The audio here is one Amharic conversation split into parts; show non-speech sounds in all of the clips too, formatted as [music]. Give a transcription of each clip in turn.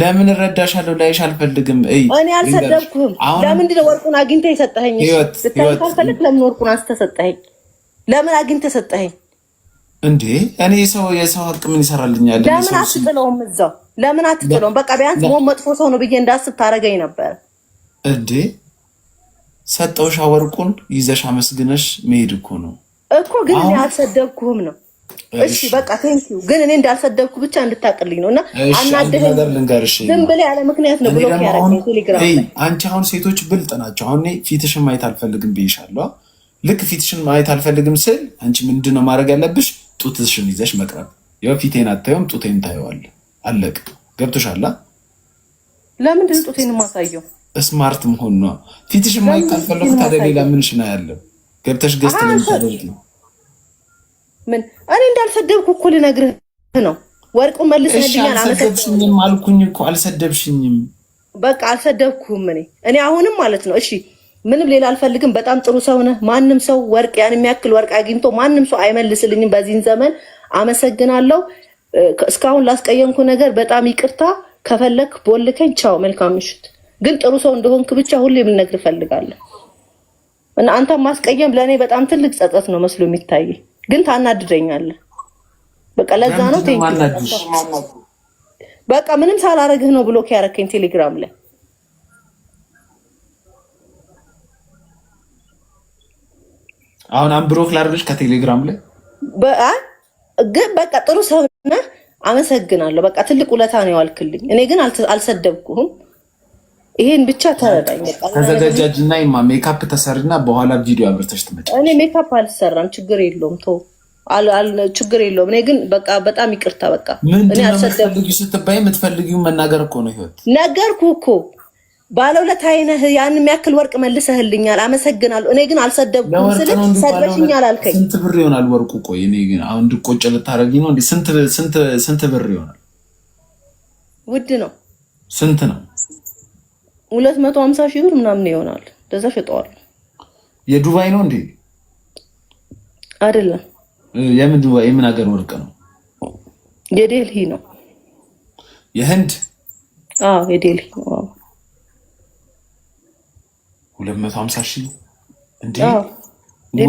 ለምን እረዳሻለሁ ላይሽ አልፈልግም። እኔ አልሰደብኩም። ለምንድን ነው ወርቁን አግኝተህ የሰጠኸኝ? ካልፈለግ ለምን ወርቁን አስተሰጠኸኝ? ለምን አግኝተህ ሰጠኸኝ? እንዴ እኔ ሰው የሰው ሀቅ ምን ይሰራልኛል? ለምን አትጥለውም? እዛው ለምን አትጥለውም? በቃ ቢያንስ ሞ መጥፎ ሰው ነው ብዬ እንዳስብ ታደርገኝ ነበር። እንዴ ሰጠውሻ፣ ወርቁን ይዘሽ አመስግነሽ መሄድ እኮ ነው እኮ ግን እኔ አልሰደብኩህም ነው እሺ በቃ ቴንክ ዩ ግን እኔ እንዳልሰደብኩ ብቻ እንድታቅልኝ ነው። እና አናደህ ዝም ብለህ ያለ ምክንያት ነው ብሎክ ያደረገኝ ቴሌግራም ላይ። አንቺ አሁን ሴቶች ብልጥ ናቸው። አሁን ፊትሽን ማየት አልፈልግም ብዬሻለሁ። ልክ ፊትሽን ማየት አልፈልግም ስል አንቺ ምንድን ነው ማድረግ ያለብሽ? ጡትሽን ይዘሽ መቅረብ። ያው ፊቴን አታየውም፣ ጡቴን ታየዋል። አለቅ ገብቶሻላ። ለምንድን ነው ጡቴን ማሳየው? ስማርት መሆን ነው። ፊትሽን ማየት ካልፈለጉ ታዲያ ሌላ ምንሽ ነው ያለው? ገብተሽ ገዝት ለምታደርግ ነው ምን እኔ እንዳልሰደብኩ እኮ ልነግርህ ነው። ወርቁ መልስ አልሰደብሽኝም አልኩኝ እኮ አልሰደብሽኝም። በቃ አልሰደብኩም። እኔ እኔ አሁንም ማለት ነው እሺ፣ ምንም ሌላ አልፈልግም። በጣም ጥሩ ሰው ነህ። ማንም ሰው ወርቅ ያን የሚያክል ወርቅ አግኝቶ ማንም ሰው አይመልስልኝም በዚህን ዘመን። አመሰግናለሁ። እስካሁን ላስቀየምኩ ነገር በጣም ይቅርታ። ከፈለክ ቦልከኝ። ቻው፣ መልካም ምሽት። ግን ጥሩ ሰው እንደሆንክ ብቻ ሁሌም ልነግርህ እፈልጋለሁ እና አንተ ማስቀየም ለእኔ በጣም ትልቅ ጸጸት ነው መስሎ የሚታይ ግን ታናድደኛለ። በቃ ለዛ ነው በቃ ምንም ሳላረግህ ነው ብሎክ ያረከኝ ቴሌግራም ላይ አሁን አንብሮክ ላርግሽ ከቴሌግራም ላይ ግን በቃ ጥሩ ሰው ነህ፣ አመሰግናለሁ። በቃ ትልቅ ውለታ ነው የዋልክልኝ። እኔ ግን አልሰደብኩህም። ይሄን ብቻ ተረዳኝ። ተዘጋጃጅና ይማ ሜካፕ ተሰሪና በኋላ ቪዲዮ አብርተሽ ትመጪ። እኔ ሜካፕ አልሰራም፣ ችግር የለውም ቶ ችግር የለውም። እኔ ግን በቃ በጣም ይቅርታ በቃ እኔ አልሰደብኩ ስትባይ የምትፈልጊው መናገር እኮ ነው ህይወት። ነገርኩ እኮ ባለውለት አይነህ ያን የሚያክል ወርቅ መልሰህልኛል፣ አመሰግናለሁ። እኔ ግን አልሰደብኩም ስልክ ሰደብሽኛል አልከኝ። ስንት ብር ይሆናል ወርቁ? ቆይ እኔ ግን አሁን እንድቆጭ ልታደርጊ ነው? ስንት ብር ይሆናል? ውድ ነው። ስንት ነው? ሁለት መቶ ሀምሳ ሺህ ብር ምናምን ይሆናል። ለዛ ሸጠዋል። የዱባይ ነው እንዴ? አይደለም። የምን ዱባይ? የምን ሀገር ወርቅ ነው? የዴልሂ ነው። የህንድ? አዎ፣ የዴልሂ ነው። ሁለት መቶ ሀምሳ ሺህ እንዴ?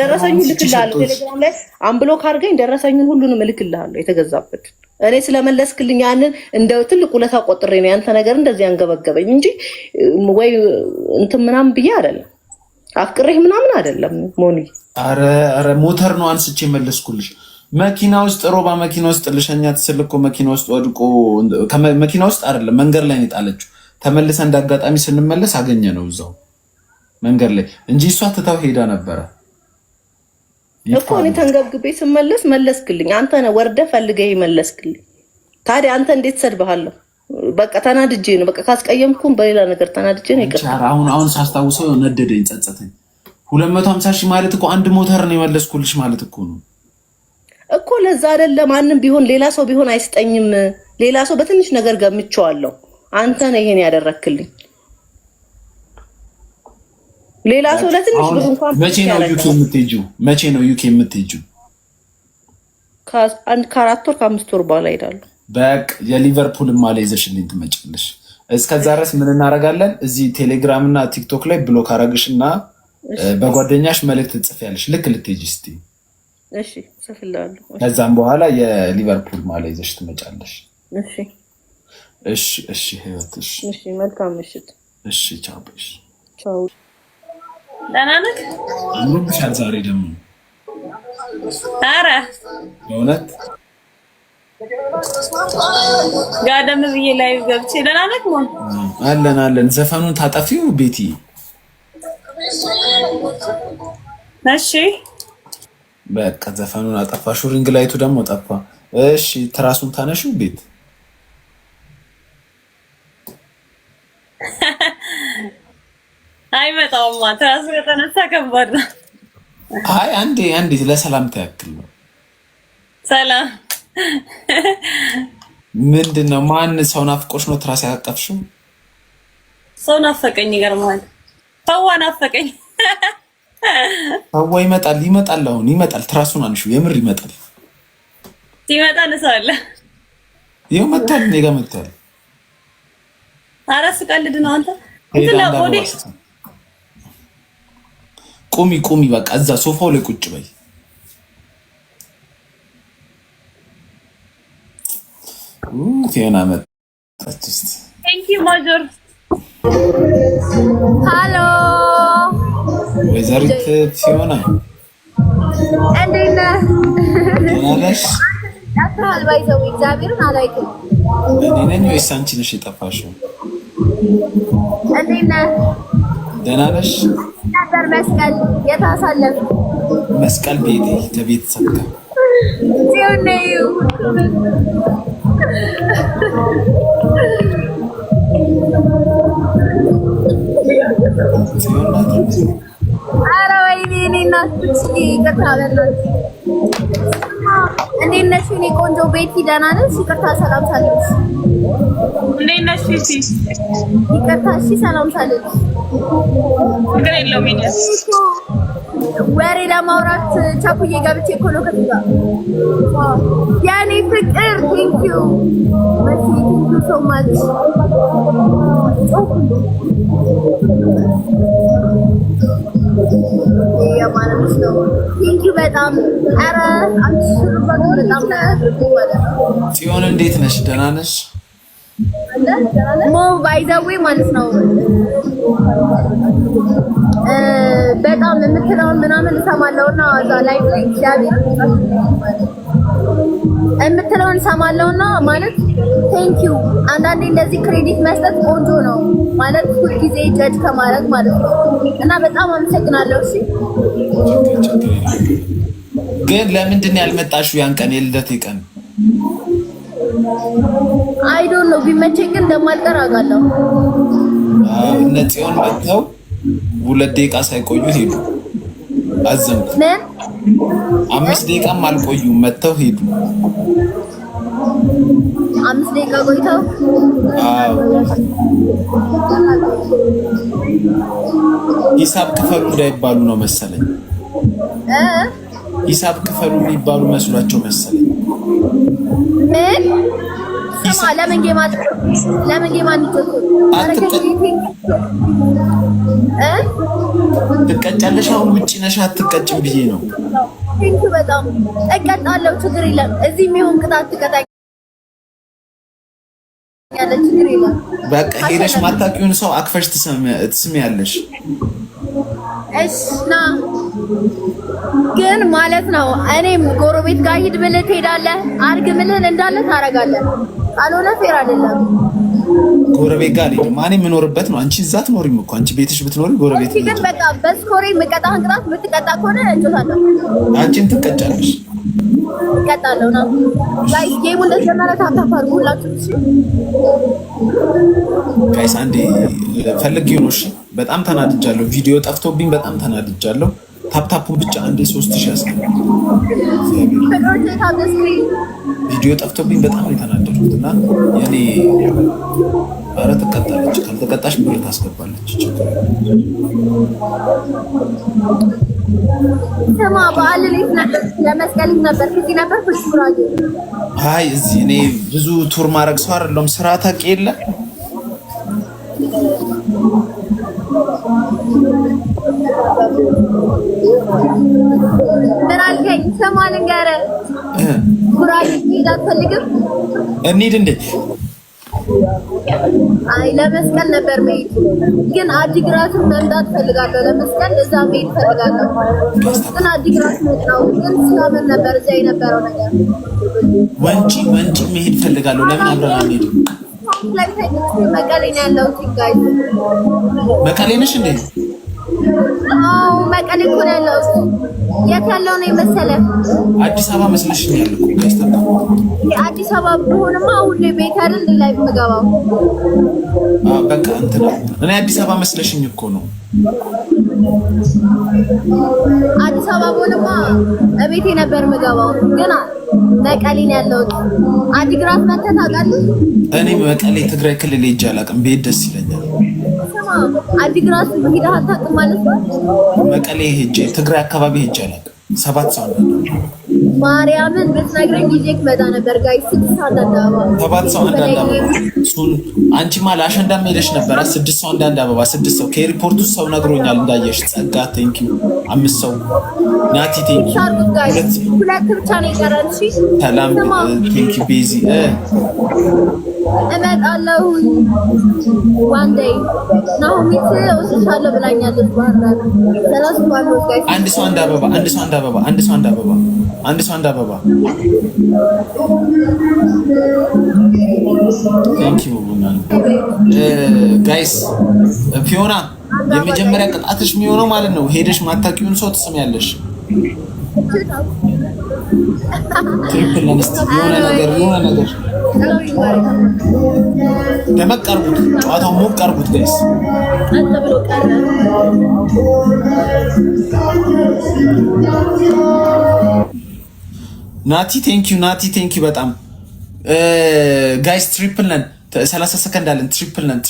ደረሰኝ ልክልሃለሁ። ቴሌግራም ላይ አንብሎክ አድርገኝ፣ ደረሰኝን ሁሉንም እልክልሃለሁ የተገዛበት እኔ ስለመለስክልኝ ያንን እንደ ትልቅ ውለታ ቆጥሬ ነው ያንተ ነገር እንደዚህ አንገበገበኝ እንጂ ወይ እንትን ምናምን ብዬ አይደለም፣ አፍቅሬህ ምናምን አይደለም። ሞኒ ኧረ ሞተር ነው አንስቼ መለስኩልሽ። መኪና ውስጥ ሮባ መኪና ውስጥ ልሸኛ ስል እኮ መኪና ውስጥ ወድቆ መኪና ውስጥ አይደለም መንገድ ላይ ነው የጣለችው። ተመልሰ እንደ አጋጣሚ ስንመለስ አገኘ ነው እዛው መንገድ ላይ እንጂ እሷ ትታው ሄዳ ነበረ። እኮ እኔ ተንገብግቤ ስመለስ መለስክልኝ። አንተ ነህ ወርደህ ፈልገህ መለስክልኝ። ታዲያ አንተ እንዴት ሰድብሃለሁ? በቃ ተናድጄ ነው። በቃ ካስቀየምኩም በሌላ ነገር ተናድጄ ነው። ይቅርታ። አሁን አሁን ሳስታውሰው ነደደኝ፣ ጸጸተኝ። ሁለት መቶ ሀምሳ ሺህ ማለት እኮ አንድ ሞተር ነው የመለስኩልሽ ማለት እኮ ነው እኮ ለዛ አይደለ? ማንም ቢሆን ሌላ ሰው ቢሆን አይስጠኝም። ሌላ ሰው በትንሽ ነገር ገምቼዋለሁ። አንተ ነህ ይሄን ያደረክልኝ። ሌላ ሰው ለትንሽ ብዙ እንኳን መቼ ነው ዩኬ የምትሄጂው? መቼ ነው ዩኬ የምትሄጂው? ከአራት ወር ከአምስት ወር በኋላ ሄዳለሁ። በቅ የሊቨርፑል ማለ ይዘሽልኝ ትመጫለሽ። እስከዛ ድረስ ምን እናደርጋለን? እዚህ ቴሌግራም እና ቲክቶክ ላይ ብሎክ አረግሽ እና በጓደኛሽ መልእክት ትጽፊያለሽ። ልክ ልትሄጂ ስቲ። ከዛም በኋላ የሊቨርፑል ማለ ይዘሽ ትመጫለሽ። እሺ፣ እሺ፣ ህይወት፣ እሺ፣ መልካም ምሽት። እሺ፣ ቻው። ደህና ነህ? አምሮብሻል ዛሬ ደግሞ። ኧረ በእውነት ጋደም ብዬ ላይ ገብቼ ደህና ነህ? ሞን አለን አለን። ዘፈኑን ታጠፊው ቤቲ። እሺ በቃ ዘፈኑን አጠፋ። ሹሪንግ ላይቱ ደግሞ ጠፋ። እሺ ትራሱን ታነሽው ቤት [laughs] አይመጣውማ ትራሱ ከተነሳ ከባድ ነው። አይ አንዴ አንዴ ለሰላምታ ያክል ነው። ሰላም ምንድን ነው? ማን ሰው ናፍቆሽ ነው ትራስ ያቀፍሽው? ሰው ናፈቀኝ። ይገርማል። ፈዋ ናፈቀኝ። ፈዋ ይመጣል፣ ይመጣል፣ አሁን ይመጣል። ትራሱን አንሺው፣ የምር ይመጣል። ሲመጣ ንሰዋለ። ይኸው መጥቷል፣ እኔ ጋ መጥቷል። አረ ስቀልድ ነው አንተ ቁሚ ቁሚ፣ በቃ እዛ ሶፋው ላይ ቁጭ በይ። ቴና መጣች። እስኪ ቴንክ ዩ ማጆር። ሃሎ ወይዘሪት ፊዮና እንዴት ነህ? ደህና ነሽ? ጠፍተሃል። ባይዘው እግዚአብሔርን አላየኩም። እኔ ነኝ ወይስ አንቺ ነሽ የጠፋሽው? እንዴት ነህ? ደህና ነሽ? ነበር መስቀል የታሳለፍ መስቀል ቤቴ ከቤተሰብ ጋር ኧረ ወይኔ እኔ እናት ይቅርታ እንዴት ነሽ የእኔ ቆንጆ ቤቲ ደህና ነሽ? ይቅርታ ሰላም ሳልልሽ እንዴት ነሽ? ይቅርታ እሺ ሰላም ሳልልሽ ፍቅር የለውም። ወሬ ለማውራት ቻኩዬ ገብቼ እኮ ነው ከእሱ ጋር የእኔ ፍቅር። ቴንኪው ቴንኪው ሶ ማች ማለት ነው። ቴንኪው በጣም ኧረ ሲሆን እንዴት ነሽ? ደህና ነሽ? ሞ ባይ ዘ ዌይ ማለት ነው የምትለውን ምናምን እሰማለሁ እና እዛ ላይ እግዚአብሔር የምትለውን እሰማለሁ እና ማለት ቴንክ ዩ። አንዳንዴ እንደዚህ ክሬዲት መስጠት ቆንጆ ነው ማለት ሁልጊዜ ጀጅ ከማድረግ ማለት ነው እና በጣም አመሰግናለሁ። እሺ ግን ለምንድን ነው ያልመጣሽው? ያን ቀን የልደቴ ቀን ዶንት ነው ቢመቸኝ ግን እንደማልቀር አውቃለሁ። እነ ጽዮን መጥተው ሁለት ደቂቃ ሳይቆዩ ሄዱ። አዘንኩ። አምስት ደቂቃም አልቆዩም፣ መጥተው ሄዱ። አምስት ደቂቃ ቆይተው ሂሳብ ክፈሉ እንዳይባሉ ነው መሰለኝ። ሂሳብ ክፈሉ የሚባሉ መስሏቸው መሰለኝ። ለምን ጌማ ለምን ጌማ ትቀጫለሽ? አሁን ውጭ ነሽ አትቀጭም ብዬ ነው። በጣም እቀጣለሁ፣ ችግር የለም። እዚህ የሚሆን ቅጣት ትቀጣለች፣ ችግር የለም። በቃ ሄደሽ ማታውቂውን ሰው አክፈሽ ትስሚያለሽ። እሺ ና ግን ማለት ነው እኔም ጎረቤት ጋር ሂድ ብልህ ትሄዳለህ፣ አድርግ ምልህን እንዳለ ታደርጋለህ። አልሆነ ፌር አይደለም። ጎረቤት ጋር ነው ማኔ የምኖርበት ነው። አንቺ እዛ ትኖሪም እኮ አንቺ ቤትሽ ብትኖሪ ጎረቤት ግን በቃ በስኮሬ የምቀጣህ ቅጣት የምትቀጣ ከሆነ እንጮታለሁ። አንቺን ትቀጫለሽ። እቀጣለሁ ነው ጌሙ ሁላችሁ። ጋይስ፣ አንዴ ነው። እሺ በጣም ተናድጃለሁ። ቪዲዮ ጠፍቶብኝ በጣም ተናድጃለሁ። ታፕታፑን ብቻ አንዴ ቪዲዮ ጠፍቶብኝ በጣም ያላችሁት እና የኔ ኧረ ትቀጣለች። ካልተቀጣሽ ብር ታስገባለች። ስማ በዓል ለመስቀል ነበር ከዚህ ነበር ፍሽራ አይ እዚህ እኔ ብዙ ቱር ማድረግ ሰው አይደለሁም። ስራ ታውቂ የለ ምን አልከኝ? ስማ ልንገርህ ጉራጌ ሄድ አትፈልግም እንሂድ እንዴ? አይ ለመስቀል ነበር መሄድ፣ ግን አዲግራት መምጣት ፈልጋለሁ። ለመስቀል እዛ መሄድ ፈልጋለሁ፣ ግን አዲግራት መጣው። ግን ስለምን ነበር እዛ የነበረው ነገር? ወንጪ ወንጪ መሄድ ፈልጋለሁ። ለምን አብረን አንሄድ? መቀሌ ነው ያለሁት። ጋይ መቀሌ ነሽ እንዴ? መቀሌ እኮ ነው ያለው። የት ያለው ነው የመሰለህ? አዲስ አበባ መስለሽኛል እኮ አዲስ አበባ ብሆንማ ሁሌ ቤት አይደል ሌላ የምገባው። በቃ እንትን እኔ አዲስ አበባ መስለሽኝ እኮ ነው። አዲስ አበባ ብሆንማ እቤቴ ነበር የምገባው፣ ግን መቀሌ ነው ያለሁት። አዲግራት መተህ ታውቃለህ? እኔ መቀሌ ትግራይ ክልል ሄጄ አላውቅም። ብሄድ ደስ ይለኛል። አዲግራት ሄደህ አታውቅም ማለት ነው? መቀሌ ሄጄ ትግራይ አካባቢ ሄጄ አላውቅም። ሰባት ሰዓት ማርያምን ብትነግረኝ ጊዜ ክመጣ ነበር። ጋይ ስድስት ሰዓት አበባ ሰባት ሰው አንድ አንድ አበባ እሱን አንቺማ ለአሸንዳም ሄደሽ ነበር። ስድስት ሰው አንድ አበባ ስድስት ሰው ከኤርፖርቱ ሰው ነግሮኛል። እንዳየሽ ጸጋ ቴንኪ አምስት ሰው ናቲ ቴንኪ ሁለት ብቻ ነው የቀረን። ሰላም ቴንኪ ቤዚ እመጣለሁ ዋን ዴይ ናሁሚት ወስሻለሁ ብላኛለች። ባህርዳር ሰላስ አንድ ሰው አንድ አበባ አንድ ሰው አንድ አበባ አንድ ሰው አንድ አበባ አንድ ሰው አንድ አበባ ቴንክ ዩ ጋይስ። ፊዮና የመጀመሪያ ቅጣትሽ የሚሆነው ማለት ነው ሄደሽ ማታውቂውን ሰው ትስሚያለሽ ደመቅ አድርጉት፣ ጨዋታው ሞቅ አድርጉት ጋይስ። ናቲ ቴንኪው፣ ናቲ ቴንኪው በጣም ጋይስ። ትሪፕል ነን፣ ሰላሳ ሰከንድ አለን። ትሪፕል ነን።